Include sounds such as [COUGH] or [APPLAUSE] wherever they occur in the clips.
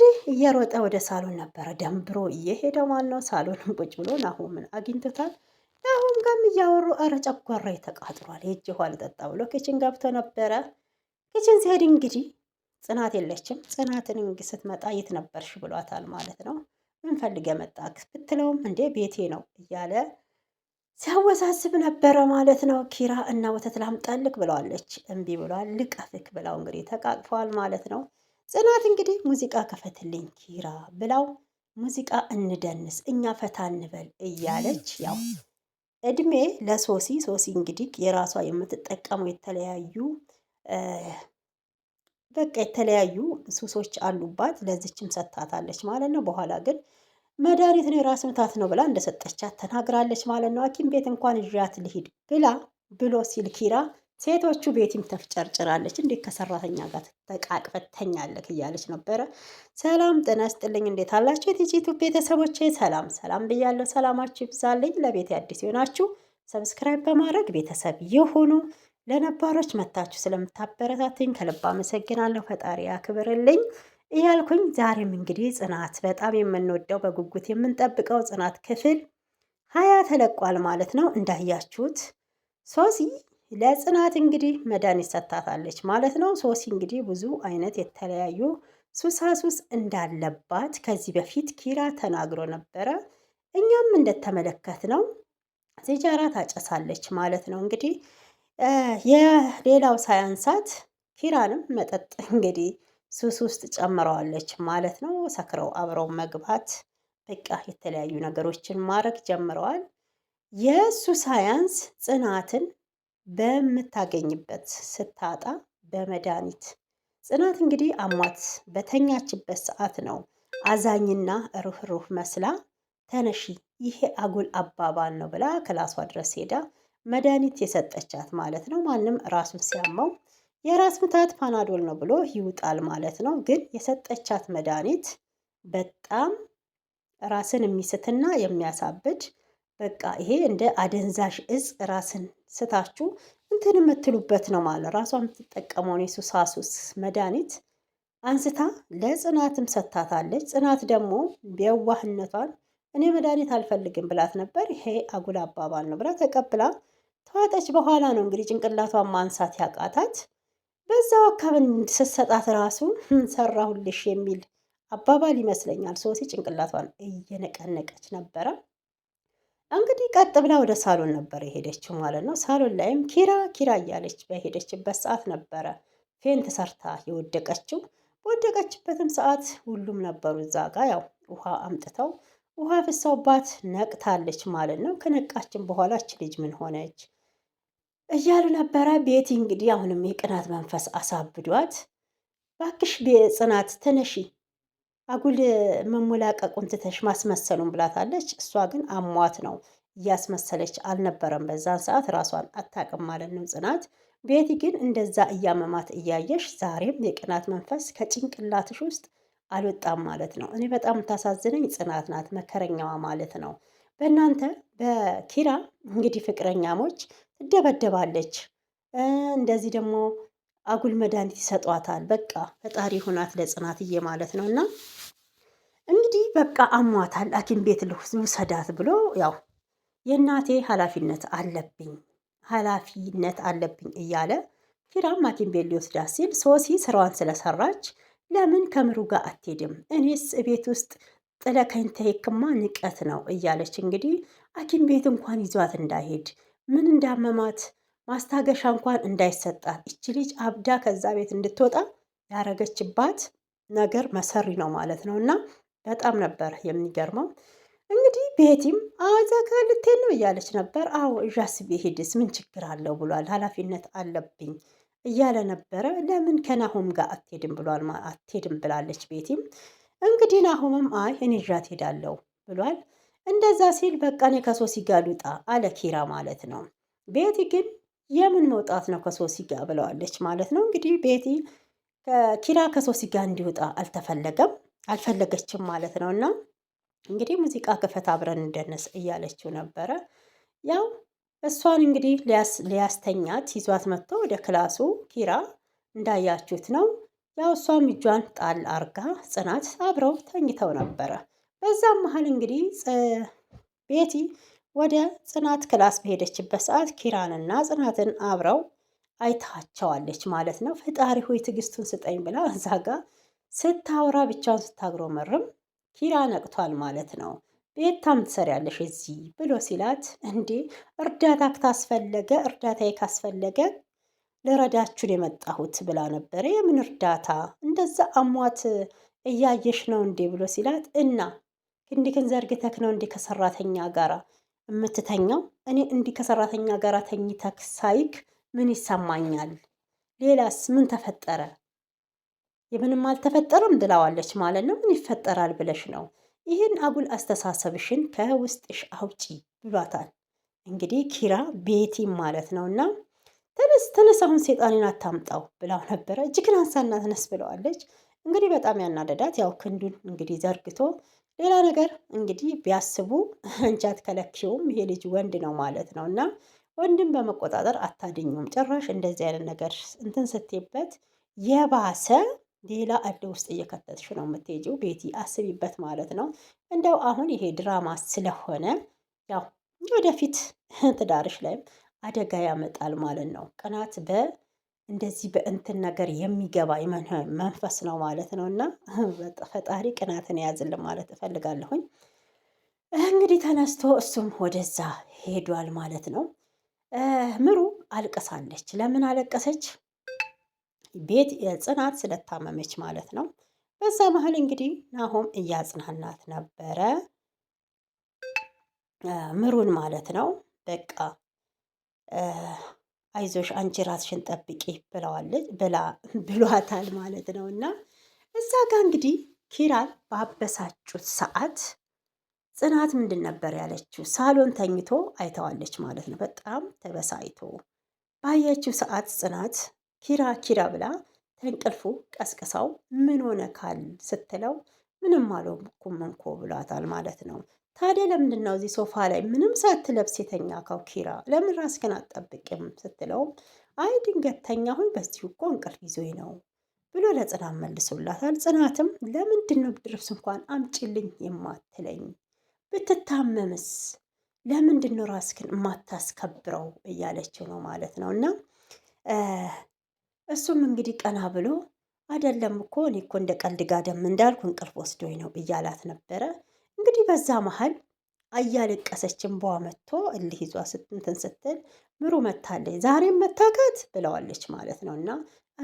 እንግዲህ እየሮጠ ወደ ሳሎን ነበረ ደንብሮ እየሄደ ማን ነው። ሳሎን ቁጭ ብሎ ናሆምን አግኝቶታል። ናሆም ጋም እያወሩ አረ ጨጓራ ተቃጥሯል፣ ሄጄ ውሃ ልጠጣ ብሎ ኪችን ገብቶ ነበረ። ኪችን ሲሄድ እንግዲህ ጽናት የለችም። ጽናትን እንግዲህ ስትመጣ የት ነበርሽ ብሏታል ማለት ነው። ምን ፈልገህ መጣህ ብትለውም እንዴ ቤቴ ነው እያለ ሲያወሳስብ ነበረ ማለት ነው። ኪራ እና ወተት ላምጣልክ ብለዋለች፣ እምቢ ብሏል። ልቀፍክ ብለው እንግዲህ ተቃቅፈዋል ማለት ነው። ጽናት እንግዲህ ሙዚቃ ከፈትልኝ ኪራ ብላው ሙዚቃ እንደንስ እኛ ፈታ እንበል እያለች ያው እድሜ ለሶሲ ሶሲ እንግዲህ የራሷ የምትጠቀመው የተለያዩ በቃ የተለያዩ ሱሶች አሉባት። ለዚችም ሰታታለች ማለት ነው። በኋላ ግን መድኃኒት ነው የራስ ምታት ነው ብላ እንደሰጠቻት ተናግራለች ማለት ነው። ሐኪም ቤት እንኳን እዣት ልሂድ ብላ ብሎ ሲል ኪራ ሴቶቹ ቤቲም ተፍጨርጭራለች እንዴት ከሰራተኛ ጋር ተቃቅፈት ተኛለክ እያለች ነበረ። ሰላም ጤና ይስጥልኝ። እንዴት አላችሁ የቲጂቱ ቤተሰቦቼ? ሰላም ሰላም ብያለሁ። ሰላማችሁ ይብዛልኝ። ለቤት አዲስ ሆናችሁ ሰብስክራይብ በማድረግ ቤተሰብ የሆኑ ለነባሮች መታችሁ ስለምታበረታትኝ ከልብ አመሰግናለሁ። ፈጣሪ አክብርልኝ እያልኩኝ ዛሬም እንግዲህ ጽናት በጣም የምንወደው በጉጉት የምንጠብቀው ጽናት ክፍል ሀያ ተለቋል ማለት ነው እንዳያችሁት ሶሲ ለጽናት እንግዲህ መድኃኒት ሰጥታታለች ማለት ነው። ሶሲ እንግዲህ ብዙ አይነት የተለያዩ ሱሳሱስ እንዳለባት ከዚህ በፊት ኪራ ተናግሮ ነበረ። እኛም እንደተመለከት ነው ሲጃራ ታጨሳለች ማለት ነው። እንግዲህ የሌላው ሳያንሳት ኪራንም መጠጥ እንግዲህ ሱስ ውስጥ ጨምረዋለች ማለት ነው። ሰክረው አብረው መግባት በቃ የተለያዩ ነገሮችን ማድረግ ጀምረዋል። የእሱ ሳያንስ ጽናትን በምታገኝበት ስታጣ በመድኃኒት ጽናት እንግዲህ አሟት በተኛችበት ሰዓት ነው አዛኝና ሩህሩህ መስላ ተነሺ፣ ይሄ አጉል አባባል ነው ብላ ክላሷ ድረስ ሄዳ መድኃኒት የሰጠቻት ማለት ነው። ማንም ራሱን ሲያመው የራስ ምታት ፓናዶል ነው ብሎ ይውጣል ማለት ነው። ግን የሰጠቻት መድኃኒት በጣም ራስን የሚስትና የሚያሳብድ በቃ ይሄ እንደ አደንዛዥ እጽ ራስን ስታችሁ እንትን የምትሉበት ነው ማለት ራሷ የምትጠቀመውን የሱሳሱስ መድኃኒት አንስታ ለጽናትም ሰታታለች። ጽናት ደግሞ የዋህነቷን እኔ መድኃኒት አልፈልግም ብላት ነበር። ይሄ አጉል አባባል ነው ብላ ተቀብላ ተዋጠች። በኋላ ነው እንግዲህ ጭንቅላቷን ማንሳት ያቃታት። በዛው አካባቢ ስትሰጣት ራሱ ሰራሁልሽ የሚል አባባል ይመስለኛል። ሶሲ ጭንቅላቷን እየነቀነቀች ነበረ። እንግዲህ ቀጥ ብላ ወደ ሳሎን ነበር የሄደችው ማለት ነው። ሳሎን ላይም ኪራ ኪራ እያለች በሄደችበት ሰዓት ነበረ ፌን ተሰርታ የወደቀችው። በወደቀችበትም ሰዓት ሁሉም ነበሩ እዛ ጋ ያው ውሃ አምጥተው ውሃ ፍሰውባት ነቅታለች ማለት ነው። ከነቃችን በኋላ ልጅ ምን ሆነች እያሉ ነበረ። ቤቲ እንግዲህ አሁንም የቅናት መንፈስ አሳብዷት፣ ባክሽ ጽናት ተነሺ አጉል መሞላቀቁን ትተሽ ማስመሰሉን ብላታለች። እሷ ግን አሟት ነው እያስመሰለች አልነበረም። በዛን ሰዓት ራሷን አታቅም ማለት ነው ጽናት። ቤቲ ግን እንደዛ እያመማት እያየሽ ዛሬም የቅናት መንፈስ ከጭንቅላትሽ ውስጥ አልወጣም ማለት ነው። እኔ በጣም ታሳዝነኝ ጽናት ናት መከረኛዋ ማለት ነው። በእናንተ በኪራ እንግዲህ ፍቅረኛሞች ትደበደባለች። እንደዚህ ደግሞ አጉል መድኃኒት ይሰጧታል። በቃ ፈጣሪ ሁናት ለጽናትዬ ማለት ነው እና በቃ አሟታል ሐኪም ቤት ልውሰዳት ብሎ ያው የእናቴ ኃላፊነት አለብኝ ኃላፊነት አለብኝ እያለ ኪራም ሐኪም ቤት ሊወስዳት ሲል ሶሲ ስራዋን ስለሰራች ለምን ከምሩ ጋር አትሄድም? እኔስ ቤት ውስጥ ጥለከኝ ተሄክማ ንቀት ነው እያለች እንግዲህ ሐኪም ቤት እንኳን ይዟት እንዳይሄድ ምን እንዳመማት ማስታገሻ እንኳን እንዳይሰጣት እች ልጅ አብዳ ከዛ ቤት እንድትወጣ ያረገችባት ነገር መሰሪ ነው ማለት ነው እና በጣም ነበር የሚገርመው። እንግዲህ ቤቲም አዛ ከልቴን ነው እያለች ነበር። አዎ እዣስ ብሄድስ ምን ችግር አለው ብሏል። ኃላፊነት አለብኝ እያለ ነበረ። ለምን ከናሆም ጋር አትሄድም ብሏል። አትሄድም ብላለች ቤቲም። እንግዲህ ናሆምም አይ እኔ እዣ ትሄዳለው ብሏል። እንደዛ ሲል በቃ እኔ ከሶሲ ጋ ልውጣ አለ ኪራ ማለት ነው። ቤቲ ግን የምን መውጣት ነው ከሶሲ ጋ ብለዋለች ማለት ነው። እንግዲህ ቤቲ ኪራ ከሶሲ ጋ እንዲወጣ አልተፈለገም። አልፈለገችም ማለት ነው። እና እንግዲህ ሙዚቃ ክፈት አብረን እንደነስ እያለችው ነበረ። ያው እሷን እንግዲህ ሊያስተኛት ይዟት መጥቶ ወደ ክላሱ ኪራ እንዳያችሁት ነው። ያው እሷም እጇን ጣል አርጋ ጽናት አብረው ተኝተው ነበረ። በዛም መሀል እንግዲህ ቤቲ ወደ ጽናት ክላስ በሄደችበት ሰዓት ኪራንና ጽናትን አብረው አይታቸዋለች ማለት ነው። ፈጣሪ ሆይ ትዕግስቱን ስጠኝ ብላ እዛ ጋር ስታወራ ብቻውን ስታግሮመርም ኪራ ነቅቷል ማለት ነው። ቤታም ትሰሪያለሽ እዚህ ብሎ ሲላት፣ እንዴ እርዳታ ክታስፈለገ እርዳታ ካስፈለገ ልረዳችሁን የመጣሁት ብላ ነበረ። የምን እርዳታ እንደዛ አሟት እያየሽ ነው እንዴ ብሎ ሲላት፣ እና ክንድክን ዘርግተክ ነው እንዴ ከሰራተኛ ጋር የምትተኛው? እኔ እንዲህ ከሰራተኛ ጋር ተኝተክ ሳይክ ምን ይሰማኛል? ሌላስ ምን ተፈጠረ? የምንም አልተፈጠረም ትለዋለች ማለት ነው። ምን ይፈጠራል ብለሽ ነው ይህን አጉል አስተሳሰብሽን ከውስጥሽ አውጪ ብሏታል። እንግዲህ ኪራ ቤቲም ማለት ነው እና ተነስ ተነስ፣ አሁን ሴጣኔን አታምጣው ብላው ነበረ። እጅግን አንሳና ተነስ ብለዋለች። እንግዲህ በጣም ያናደዳት ያው ክንዱን እንግዲህ ዘርግቶ ሌላ ነገር እንግዲህ ቢያስቡ አንቺ አትከለኪውም፣ ይሄ ልጅ ወንድ ነው ማለት ነው እና ወንድም በመቆጣጠር አታድኙም። ጭራሽ እንደዚህ አይነት ነገር እንትን ስትይበት የባሰ ሌላ እድ ውስጥ እየከተትሽ ነው የምትሄጂው። ቤቲ አስቢበት ማለት ነው። እንደው አሁን ይሄ ድራማ ስለሆነ ያው ወደፊት ትዳርሽ ላይም አደጋ ያመጣል ማለት ነው። ቅናት በ እንደዚህ በእንትን ነገር የሚገባ መንፈስ ነው ማለት ነው። እና ፈጣሪ ቅናትን የያዝልን ማለት እፈልጋለሁኝ። እንግዲህ ተነስቶ እሱም ወደዛ ሄዷል ማለት ነው። ምሩ አልቅሳለች። ለምን አለቀሰች? ቤት ጽናት ስለታመመች ማለት ነው። በዛ መሀል እንግዲህ ናሆም እያጽናናት ነበረ ምሩን ማለት ነው። በቃ አይዞሽ አንቺ ራስሽን ጠብቂ ብለዋለች ብላ [LAUGHS] ብሏታል ማለት ነው። እና እዛ ጋ እንግዲህ ኪራን ባበሳጩት ሰዓት ጽናት ምንድን ነበር ያለችው? ሳሎን ተኝቶ አይተዋለች ማለት ነው። በጣም ተበሳይቶ ባየችው ሰዓት ጽናት ኪራ ኪራ ብላ ተንቅልፉ ቀስቅሳው ምን ሆነ ካል ስትለው ምንም አልሆንኩም እኮ ብሏታል ማለት ነው። ታዲያ ለምንድን ነው እዚህ ሶፋ ላይ ምንም ሳትለብስ የተኛከው ኪራ? ለምን ራስህን አትጠብቅም? ስትለውም አይ ድንገት ተኛሁኝ በዚሁ እኮ እንቅልፍ ይዞኝ ነው ብሎ ለጽናት መልሶላታል። ጽናትም ለምንድን ነው እንኳን አምጪልኝ የማትለኝ ብትታመምስ ለምንድን ነው ራስህን የማታስከብረው እያለችው ነው ማለት ነው እና እሱም እንግዲህ ቀና ብሎ አይደለም እኮ እኔ እኮ እንደ ቀልድ ጋደም እንዳልኩ እንቅልፍ ወስዶኝ ነው እያላት ነበረ። እንግዲህ በዛ መሀል እያለቀሰችን በዋ መጥቶ እልህ ይዟ ስትንትን ስትል ምሩ መታለች፣ ዛሬም መታካት ብለዋለች ማለት ነው። እና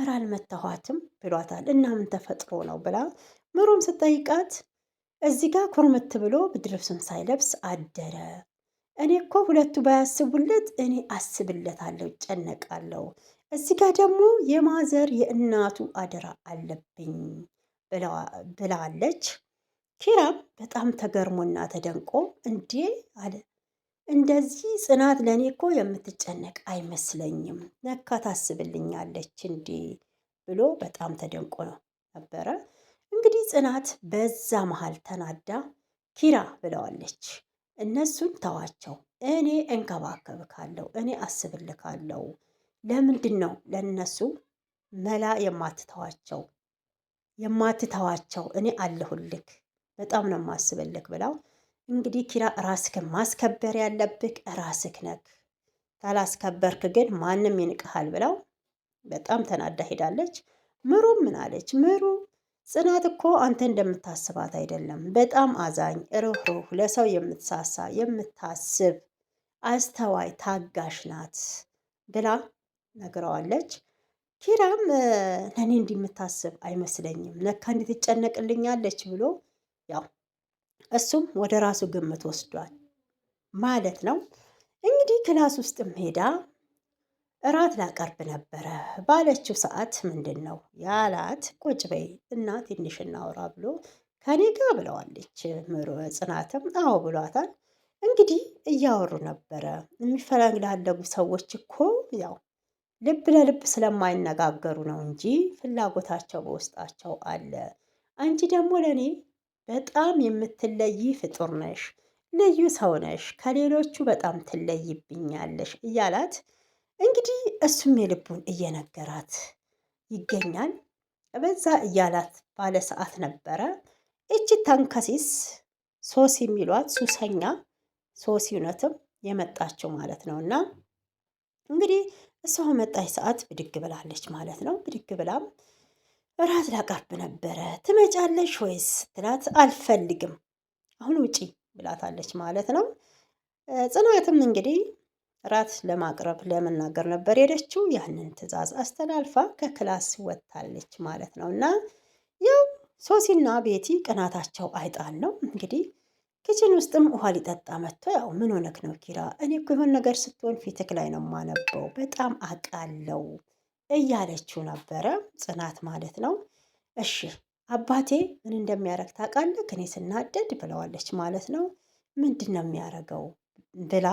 እረ አልመታኋትም ብሏታል። እና ምን ተፈጥሮ ነው ብላ ምሩም ስጠይቃት እዚህ ጋር ኩርምት ብሎ ብርድ ልብሱን ሳይለብስ አደረ። እኔ እኮ ሁለቱ ባያስቡለት እኔ አስብለታለሁ፣ ጨነቃለሁ እዚህ ጋር ደግሞ የማዘር የእናቱ አደራ አለብኝ ብላለች። ኪራም በጣም ተገርሞና ተደንቆ እንዴ አለ። እንደዚህ ጽናት ለእኔ እኮ የምትጨነቅ አይመስለኝም፣ ነካ ታስብልኛለች እንዴ ብሎ በጣም ተደንቆ ነው ነበረ። እንግዲህ ጽናት በዛ መሀል ተናዳ ኪራ ብለዋለች። እነሱን ተዋቸው፣ እኔ እንከባከብካለሁ፣ እኔ አስብልካለሁ ለምንድን ነው ለነሱ መላ የማትተዋቸው የማትተዋቸው እኔ አለሁልክ በጣም ነው የማስብልክ ብለው እንግዲህ ኪራ ራስክን ማስከበር ያለብክ ራስክ ነክ ካላስከበርክ ግን ማንም ይንቅሃል ብለው በጣም ተናዳ ሄዳለች። ምሩ ምን አለች? ምሩ ጽናት እኮ አንተ እንደምታስባት አይደለም። በጣም አዛኝ፣ ርኅሩህ፣ ለሰው የምትሳሳ፣ የምታስብ፣ አስተዋይ፣ ታጋሽ ናት ብላ ነግረዋለች። ኪራም ለእኔ እንዲምታስብ አይመስለኝም ለካ ነካ ትጨነቅልኛለች ብሎ ያው እሱም ወደ ራሱ ግምት ወስዷል ማለት ነው። እንግዲህ ክላስ ውስጥም ሄዳ እራት ላቀርብ ነበረ ባለችው ሰዓት ምንድን ነው ያላት፣ ቁጭ በይ እና ትንሽ እናውራ ብሎ ከኔ ጋር ብለዋለች። ጽናትም አዎ ብሏታል። እንግዲህ እያወሩ ነበረ። የሚፈላለጉ ሰዎች እኮ ያው ልብ ለልብ ስለማይነጋገሩ ነው እንጂ ፍላጎታቸው በውስጣቸው አለ። አንቺ ደግሞ ለእኔ በጣም የምትለይ ፍጡር ነሽ፣ ልዩ ሰው ነሽ፣ ከሌሎቹ በጣም ትለይብኛለሽ እያላት እንግዲህ እሱም የልቡን እየነገራት ይገኛል። በዛ እያላት ባለ ሰዓት ነበረ እቺ ተንከሲስ ሶስ የሚሏት ሱሰኛ ሶስ እውነትም የመጣችው ማለት ነው እና እንግዲህ እሷ መጣች ሰዓት ብድግ ብላለች ማለት ነው። ብድግ ብላም እራት ላቀርብ ነበረ ትመጫለሽ ወይስ ትላት፣ አልፈልግም አሁን ውጪ ብላታለች ማለት ነው። ጽናትም እንግዲህ እራት ለማቅረብ ለመናገር ነበር ሄደችው። ያንን ትዕዛዝ አስተላልፋ ከክላስ ወጥታለች ማለት ነው። እና ያው ሶሲና ቤቲ ቅናታቸው አይጣል ነው እንግዲህ ኪችን ውስጥም ውሃ ሊጠጣ መጥቶ ያው ምን ሆነክ ነው ኪራ? እኔ እኮ የሆነ ነገር ስትሆን ፊትክ ላይ ነው ማነበው፣ በጣም አቃለው እያለችው ነበረ ጽናት ማለት ነው። እሺ አባቴ ምን እንደሚያደርግ ታውቃለህ? እኔ ስናደድ ብለዋለች ማለት ነው። ምንድን ነው የሚያደርገው ብላ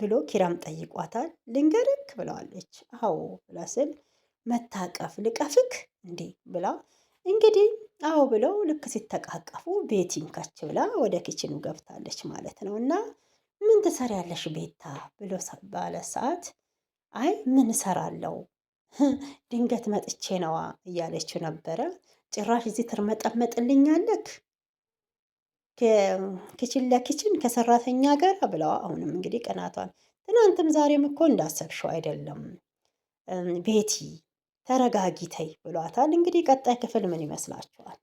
ብሎ ኪራም ጠይቋታል። ልንገርክ ብለዋለች። አዎ ብላ ስል መታቀፍ ልቀፍክ እንዴ ብላ እንግዲህ አዎ ብለው ልክ ሲተቃቀፉ ቤቲ ከች ብላ ወደ ኪችኑ ገብታለች ማለት ነው። እና ምን ትሰሪያለሽ ቤታ ብሎ ባለ ሰዓት አይ ምን እሰራለሁ [LAUGHS] ድንገት መጥቼ ነዋ እያለችው ነበረ። ጭራሽ እዚህ ትርመጠመጥልኛለክ ኪችን ለኪችን ከሰራተኛ ጋር ብለዋ። አሁንም እንግዲህ ቅናቷን ትናንትም ዛሬም እኮ እንዳሰብሸው አይደለም ቤቲ ተረጋጊተይ ብሏታል። እንግዲህ ቀጣይ ክፍል ምን ይመስላችኋል?